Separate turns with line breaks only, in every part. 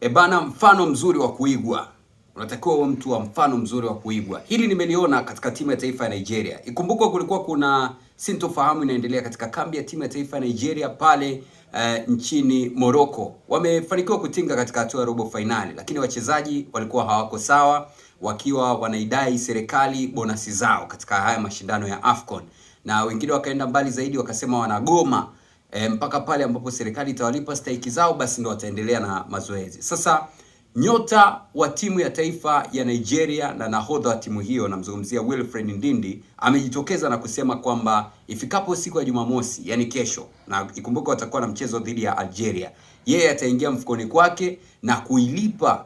E bana, mfano mzuri wa kuigwa unatakiwa uwe mtu wa mfano mzuri wa kuigwa. Hili nimeliona katika timu ya taifa ya Nigeria. Ikumbukwa kulikuwa kuna sintofahamu inaendelea katika kambi ya timu ya taifa ya Nigeria pale uh, nchini Morocco. Wamefanikiwa kutinga katika hatua ya robo fainali, lakini wachezaji walikuwa hawako sawa, wakiwa wanaidai serikali bonasi zao katika haya mashindano ya AFCON, na wengine wakaenda mbali zaidi wakasema wanagoma e, mpaka pale ambapo serikali itawalipa stahiki zao, basi ndo wataendelea na mazoezi. Sasa nyota wa timu ya taifa ya Nigeria na nahodha wa timu hiyo, namzungumzia Wilfred Ndindi, amejitokeza na kusema kwamba ifikapo siku ya Jumamosi, yani kesho, na ikumbuke watakuwa na mchezo dhidi ya Algeria, yeye ataingia mfukoni kwake na kuilipa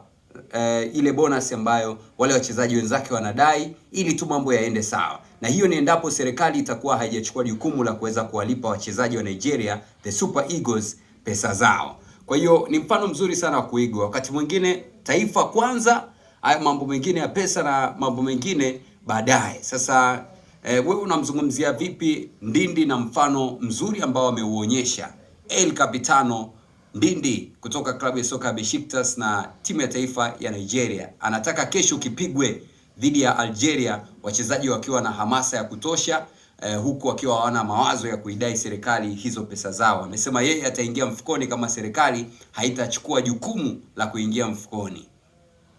e, ile bonus ambayo wale wachezaji wenzake wanadai ili tu mambo yaende sawa, na hiyo ni endapo serikali itakuwa haijachukua jukumu la kuweza kuwalipa wachezaji wa Nigeria the Super Eagles pesa zao. Kwa hiyo ni mfano mzuri sana wa kuigwa. Wakati mwingine taifa kwanza, haya mambo mengine ya pesa na mambo mengine baadaye. Sasa eh, wewe unamzungumzia vipi Ndindi na mfano mzuri ambao ameuonyesha El Capitano Mbindi kutoka klabu ya soka ya Besiktas na timu ya taifa ya Nigeria. Anataka kesho kipigwe dhidi ya Algeria, wachezaji wakiwa na hamasa ya kutosha eh, huku wakiwa hawana mawazo ya kuidai serikali hizo pesa zao. Amesema yeye ataingia mfukoni kama serikali haitachukua jukumu la kuingia mfukoni.